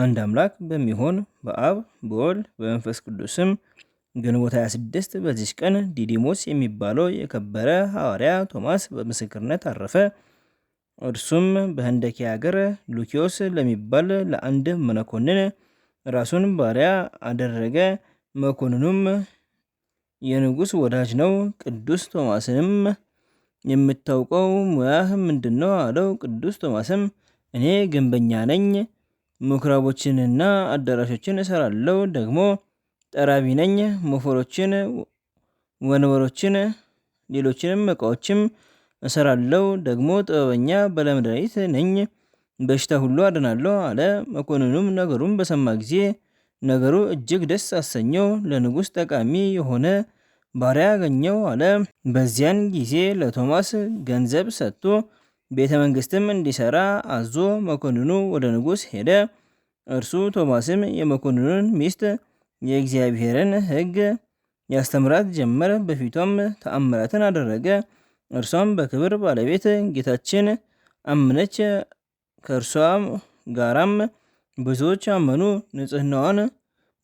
አንድ አምላክ በሚሆን በአብ በወልድ በመንፈስ ቅዱስም ግንቦት 26 በዚች ቀን ዲዲሞስ የሚባለው የከበረ ሐዋርያ ቶማስ በምስክርነት አረፈ። እርሱም በህንደኪ ሀገር ሉኪዮስ ለሚባል ለአንድ መነኮንን ራሱን ባሪያ አደረገ። መኮንኑም የንጉሥ ወዳጅ ነው። ቅዱስ ቶማስንም የምታውቀው ሙያህ ምንድን ነው? አለው። ቅዱስ ቶማስም እኔ ግንበኛ ነኝ ምኩራቦችንና አዳራሾችን እሰራለሁ። ደግሞ ጠራቢ ነኝ። ሞፈሮችን፣ ወንበሮችን፣ ሌሎችንም እቃዎችም እሰራለሁ። ደግሞ ጥበበኛ ባለመድኃኒት ነኝ። በሽታ ሁሉ አድናለሁ አለ። መኮንኑም ነገሩን በሰማ ጊዜ ነገሩ እጅግ ደስ አሰኘው። ለንጉሥ ጠቃሚ የሆነ ባሪያ አገኘው አለ። በዚያን ጊዜ ለቶማስ ገንዘብ ሰጥቶ ቤተ መንግስትም እንዲሰራ አዞ መኮንኑ ወደ ንጉስ ሄደ። እርሱ ቶማስም የመኮንኑን ሚስት የእግዚአብሔርን ሕግ ያስተምራት ጀመር። በፊቷም ተአምራትን አደረገ። እርሷም በክብር ባለቤት ጌታችን አምነች። ከእርሷ ጋራም ብዙዎች አመኑ። ንጽህናዋን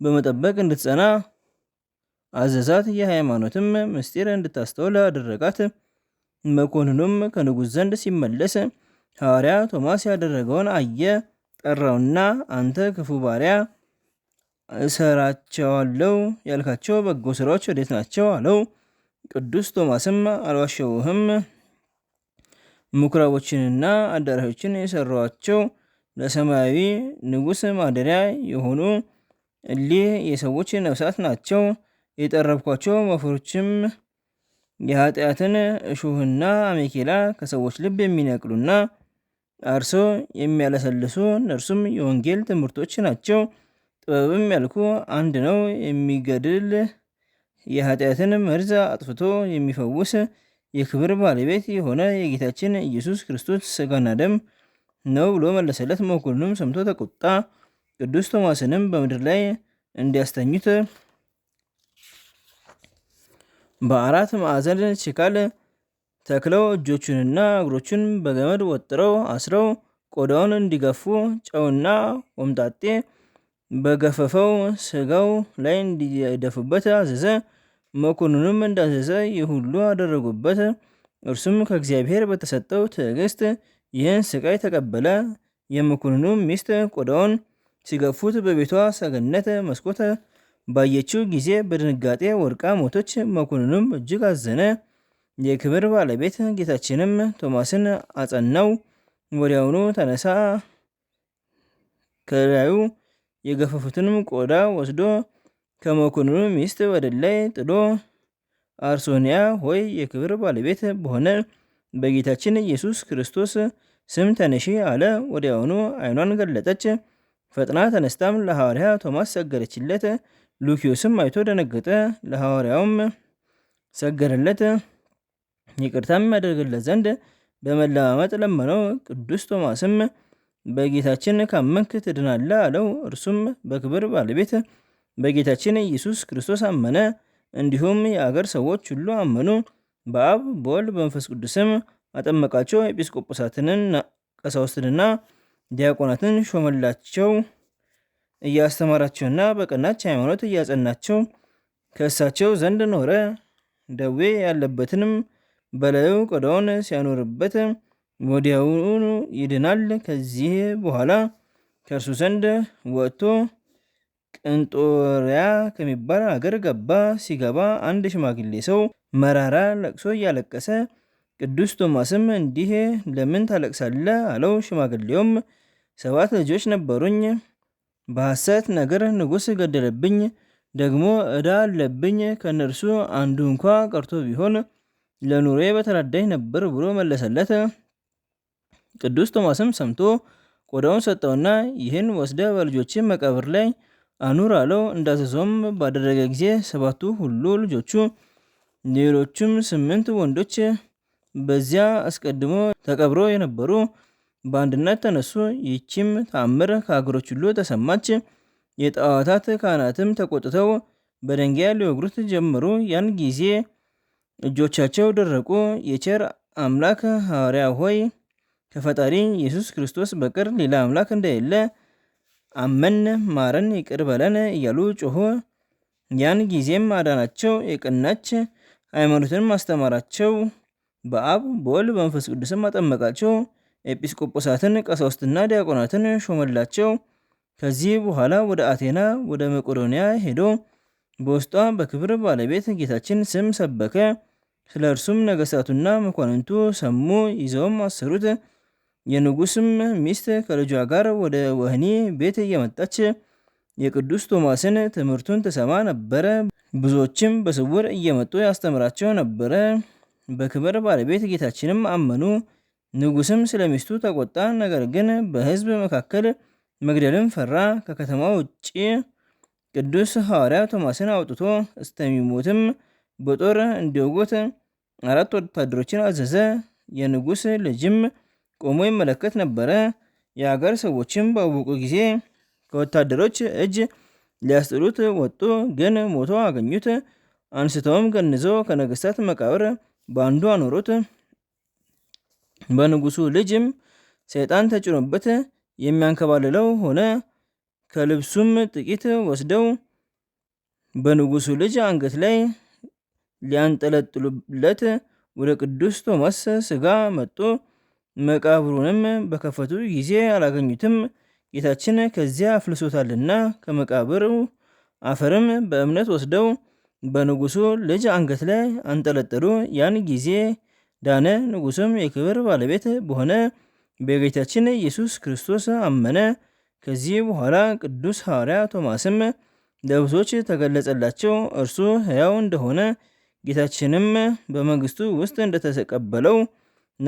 በመጠበቅ እንድትጸና አዘዛት። የሃይማኖትም ምስጢር እንድታስተውል አደረጋት። መኮንኑም ከንጉሥ ዘንድ ሲመለስ ሐዋርያ ቶማስ ያደረገውን አየ፣ ጠራውና አንተ ክፉ ባሪያ እሰራቸዋለው ያልካቸው በጎ ስራዎች ወዴት ናቸው? አለው። ቅዱስ ቶማስም አልዋሸውህም፣ ምኩራቦችንና አዳራሾችን የሰሯቸው ለሰማያዊ ንጉሥ ማደሪያ የሆኑ እሊህ የሰዎች ነፍሳት ናቸው። የጠረብኳቸው ወፎችም የኃጢአትን እሾህና አሜኬላ ከሰዎች ልብ የሚነቅሉና አርሶ የሚያለሰልሱ እነርሱም የወንጌል ትምህርቶች ናቸው። ጥበብም ያልኩ አንድ ነው፣ የሚገድል የኃጢአትን መርዝ አጥፍቶ የሚፈውስ የክብር ባለቤት የሆነ የጌታችን ኢየሱስ ክርስቶስ ስጋና ደም ነው ብሎ መለሰለት። መኮንኑም ሰምቶ ተቆጣ። ቅዱስ ቶማስንም በምድር ላይ እንዲያስተኙት በአራት ማዕዘን ችካል ተክለው እጆቹንና እግሮቹን በገመድ ወጥረው አስረው ቆዳውን እንዲገፉ ጨውና ወምጣጤ በገፈፈው ስጋው ላይ እንዲደፉበት አዘዘ። መኮንኑም እንዳዘዘ ይህ ሁሉ አደረጉበት። እርሱም ከእግዚአብሔር በተሰጠው ትዕግስት ይህን ስቃይ ተቀበለ። የመኮንኑ ሚስት ቆዳውን ሲገፉት በቤቷ ሰገነት መስኮት ባየችው ጊዜ በድንጋጤ ወድቃ ሞተች። መኮንኑም እጅግ አዘነ። የክብር ባለቤት ጌታችንም ቶማስን አጸናው። ወዲያውኑ ተነሳ፣ ከላዩ የገፈፉትንም ቆዳ ወስዶ ከመኮንኑ ሚስት ወደ ላይ ጥሎ አርሶንያ ሆይ የክብር ባለቤት በሆነ በጌታችን ኢየሱስ ክርስቶስ ስም ተነሺ አለ። ወዲያውኑ ዓይኗን ገለጠች። ፈጥና ተነስታም ለሐዋርያ ቶማስ ሰገደችለት። ሉኪዮስም አይቶ ደነገጠ። ለሐዋርያውም ሰገደለት፣ ይቅርታ ያደርግለት ዘንድ በመለማመጥ ለመነው። ቅዱስ ቶማስም በጌታችን ካመንክ ትድናለ አለው። እርሱም በክብር ባለቤት በጌታችን ኢየሱስ ክርስቶስ አመነ። እንዲሁም የአገር ሰዎች ሁሉ አመኑ። በአብ በወልድ በመንፈስ ቅዱስም አጠመቃቸው። ኤጲስቆጶሳትንና ቀሳውስትንና ዲያቆናትን ሾመላቸው። እያስተማራቸውና በቀናች ሃይማኖት እያጸናቸው ከእሳቸው ዘንድ ኖረ። ደዌ ያለበትንም በላዩ ቆዳውን ሲያኖርበት ወዲያውኑ ይድናል። ከዚህ በኋላ ከእርሱ ዘንድ ወጥቶ ቅንጦሪያ ከሚባል አገር ገባ። ሲገባ አንድ ሽማግሌ ሰው መራራ ለቅሶ እያለቀሰ፣ ቅዱስ ቶማስም እንዲህ ለምን ታለቅሳለህ? አለው። ሽማግሌውም ሰባት ልጆች ነበሩኝ በሐሰት ነገር ንጉሥ ገደለብኝ፣ ደግሞ ዕዳ አለብኝ፣ ከእነርሱ አንዱ እንኳ ቀርቶ ቢሆን ለኑሬ በተራዳኝ ነበር ብሎ መለሰለት። ቅዱስ ቶማስም ሰምቶ ቆዳውን ሰጠውና ይህን ወስደ በልጆች መቃብር ላይ አኑር አለው። እንዳዘዞም ባደረገ ጊዜ ሰባቱ ሁሉ ልጆቹ፣ ሌሎቹም ስምንት ወንዶች በዚያ አስቀድሞ ተቀብሮ የነበሩ በአንድነት ተነሱ። ይህችም ተአምር ከአገሮች ሁሉ ተሰማች። የጣዖታት ካህናትም ተቆጥተው በደንጊያ ሊወግሩት ጀመሩ። ያን ጊዜ እጆቻቸው ደረቁ። የቸር አምላክ ሐዋርያ ሆይ ከፈጣሪ ኢየሱስ ክርስቶስ በቀር ሌላ አምላክ እንደሌለ አመን፣ ማረን፣ ይቅር በለን እያሉ ጮሁ። ያን ጊዜም አዳናቸው። የቀናች ሃይማኖትን ማስተማራቸው። በአብ በወልድ በመንፈስ ቅዱስም አጠመቃቸው። ኤጲስቆጶሳትን ቀሳውስትና ዲያቆናትን ሾመላቸው። ከዚህ በኋላ ወደ አቴና ወደ መቄዶንያ ሄዶ በውስጧ በክብር ባለቤት ጌታችን ስም ሰበከ። ስለ እርሱም ነገስታቱና መኳንንቱ ሰሙ፣ ይዘውም አሰሩት። የንጉስም ሚስት ከልጇ ጋር ወደ ወህኒ ቤት እየመጣች የቅዱስ ቶማስን ትምህርቱን ተሰማ ነበረ። ብዙዎችም በስውር እየመጡ ያስተምራቸው ነበረ። በክብር ባለቤት ጌታችንም አመኑ። ንጉስም ስለ ሚስቱ ተቆጣ። ነገር ግን በህዝብ መካከል መግደልን ፈራ። ከከተማ ውጭ ቅዱስ ሐዋርያ ቶማስን አውጥቶ እስከሚሞትም በጦር እንዲወጉት አራት ወታደሮችን አዘዘ። የንጉሥ ልጅም ቆሞ ይመለከት ነበረ። የአገር ሰዎችም ባወቁ ጊዜ ከወታደሮች እጅ ሊያስጥሉት ወጡ፣ ግን ሞቶ አገኙት። አንስተውም ገንዘው ከነገስታት መቃብር በአንዱ አኖሩት። በንጉሱ ልጅም ሰይጣን ተጭኖበት የሚያንከባልለው ሆነ። ከልብሱም ጥቂት ወስደው በንጉሱ ልጅ አንገት ላይ ሊያንጠለጥሉለት ወደ ቅዱስ ቶማስ ስጋ መጡ። መቃብሩንም በከፈቱ ጊዜ አላገኙትም፣ ጌታችን ከዚያ አፍልሶታልና። ከመቃብሩ አፈርም በእምነት ወስደው በንጉሱ ልጅ አንገት ላይ አንጠለጠሉ። ያን ጊዜ ዳነ። ንጉሥም የክብር ባለቤት በሆነ በጌታችን ኢየሱስ ክርስቶስ አመነ። ከዚህ በኋላ ቅዱስ ሐዋርያ ቶማስም ለብዙዎች ተገለጸላቸው። እርሱ ሕያው እንደሆነ ጌታችንም በመንግስቱ ውስጥ እንደተቀበለው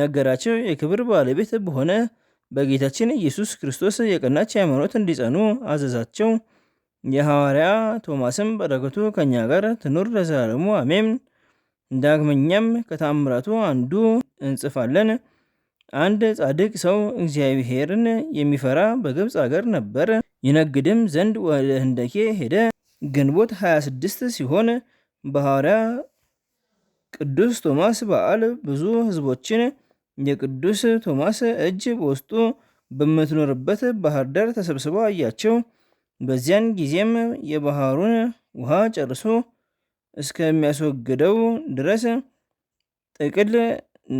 ነገራቸው። የክብር ባለቤት በሆነ በጌታችን ኢየሱስ ክርስቶስ የቀናች ሃይማኖት እንዲጸኑ አዘዛቸው። የሐዋርያ ቶማስም በረከቱ ከእኛ ጋር ትኑር ለዘላለሙ አሜን። ዳግመኛም ከታምራቱ አንዱ እንጽፋለን። አንድ ጻድቅ ሰው እግዚአብሔርን የሚፈራ በግብፅ አገር ነበር። ይነግድም ዘንድ ወደ ህንደኬ ሄደ። ግንቦት 26 ሲሆን በሐዋርያ ቅዱስ ቶማስ በዓል ብዙ ህዝቦችን የቅዱስ ቶማስ እጅ በውስጡ በምትኖርበት ባህር ዳር ተሰብስበው አያቸው። በዚያን ጊዜም የባህሩን ውሃ ጨርሶ እስከሚያስወግደው ድረስ ጥቅል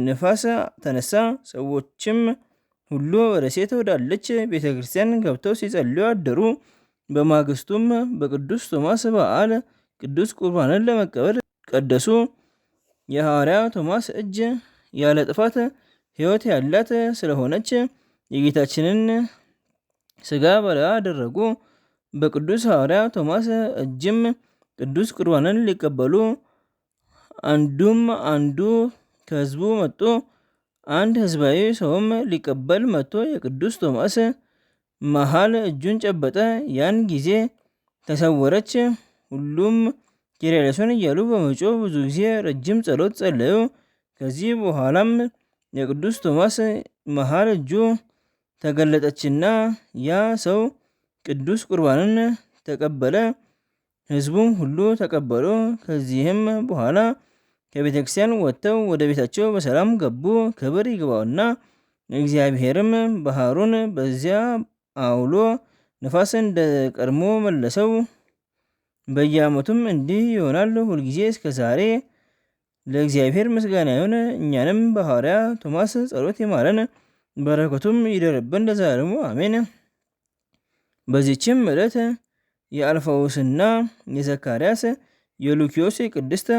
ንፋስ ተነሳ። ሰዎችም ሁሉ ወደ ሴት ወዳለች ቤተ ክርስቲያን ገብተው ሲጸልዩ አደሩ። በማግስቱም በቅዱስ ቶማስ በዓል ቅዱስ ቁርባንን ለመቀበል ቀደሱ። የሐዋርያ ቶማስ እጅ ያለ ጥፋት ሕይወት ያላት ስለሆነች የጌታችንን ስጋ በላ አደረጉ። በቅዱስ ሐዋርያ ቶማስ እጅም ቅዱስ ቁርባንን ሊቀበሉ አንዱም አንዱ ከህዝቡ መጡ። አንድ ሕዝባዊ ሰውም ሊቀበል መጥቶ የቅዱስ ቶማስ መሃል እጁን ጨበጠ። ያን ጊዜ ተሰወረች። ሁሉም ኪርያላይሶን እያሉ በመጮ ብዙ ጊዜ ረጅም ጸሎት ጸለዩ። ከዚህ በኋላም የቅዱስ ቶማስ መሃል እጁ ተገለጠችና ያ ሰው ቅዱስ ቁርባንን ተቀበለ። ህዝቡም ሁሉ ተቀበሉ። ከዚህም በኋላ ከቤተ ክርስቲያን ወጥተው ወደ ቤታቸው በሰላም ገቡ። ክብር ይግባውና እግዚአብሔርም ባህሩን በዚያ አውሎ ነፋስ እንደ ቀድሞ መለሰው። በየዓመቱም እንዲህ ይሆናል ሁልጊዜ እስከ ዛሬ። ለእግዚአብሔር ምስጋና ይሁን፣ እኛንም በሐዋርያ ቶማስ ጸሎት ይማረን፣ በረከቱም ይደርብን ለዛለሙ አሜን። በዚችም ዕለት የአልፋዎስና የዘካርያስ የሉኪዮስ የቅድስተ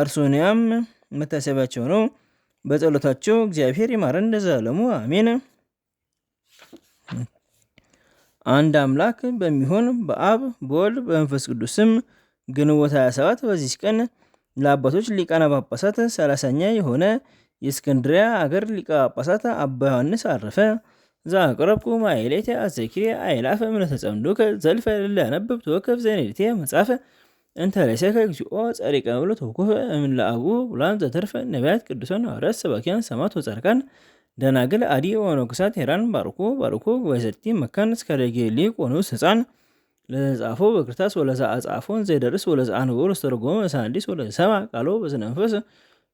አርሶንያም መታሰቢያቸው ነው። በጸሎታቸው እግዚአብሔር ይማረን ለዘላለሙ አሜን። አንድ አምላክ በሚሆን በአብ በወልድ በመንፈስ ቅዱስም ግንቦት 27 በዚች ቀን ለአባቶች ሊቃነ ጳጳሳት ሰላሳኛ የሆነ የእስክንድሪያ አገር ሊቀ ጳጳሳት አባ ዮሐንስ አረፈ። ዘአቅረብኩ ማእሌተ አዘኪሬ አእላፈ እምነተጸምዱከ ዘልፈ ለአነብብ ተወከፍ ዘኔሌቴ መጽሐፈ እንተ ለይሰከ እግዚኦ ጸሪቀ ብሎ ተወኩፈ እምለአቡ ብሉዓን ዘተርፈ ነቢያት ቅዱሳን ሐዋርያት ሰባኪያን ሰማዕት ወጻድቃን ደናግል አዲ ወነኮሳት ሄራን ባርኩ ባርኩ ወይዘቲ መካን እስከ ደጌሊ ቆኑስ ህፃን ለጻፎ በክርታስ ወለዛ አጻፎን ዘይደርስ ወለዛ አንቦ ወስተርጎመ ሳንዲስ ወለሰማ ቃሎ በስነ መንፈስ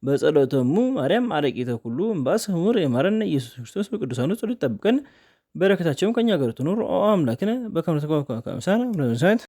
በጸሎተሙ ማርያም አረቂተ ሁሉ እምባስ ህሙር የማረነ ኢየሱስ ክርስቶስ በቅዱሳኑ ጸሎት ይጠብቀን፣ በረከታቸውም ከእኛ ጋር ትኑር። ኦ አምላክነ በከመ ተኮንከ አምሳለ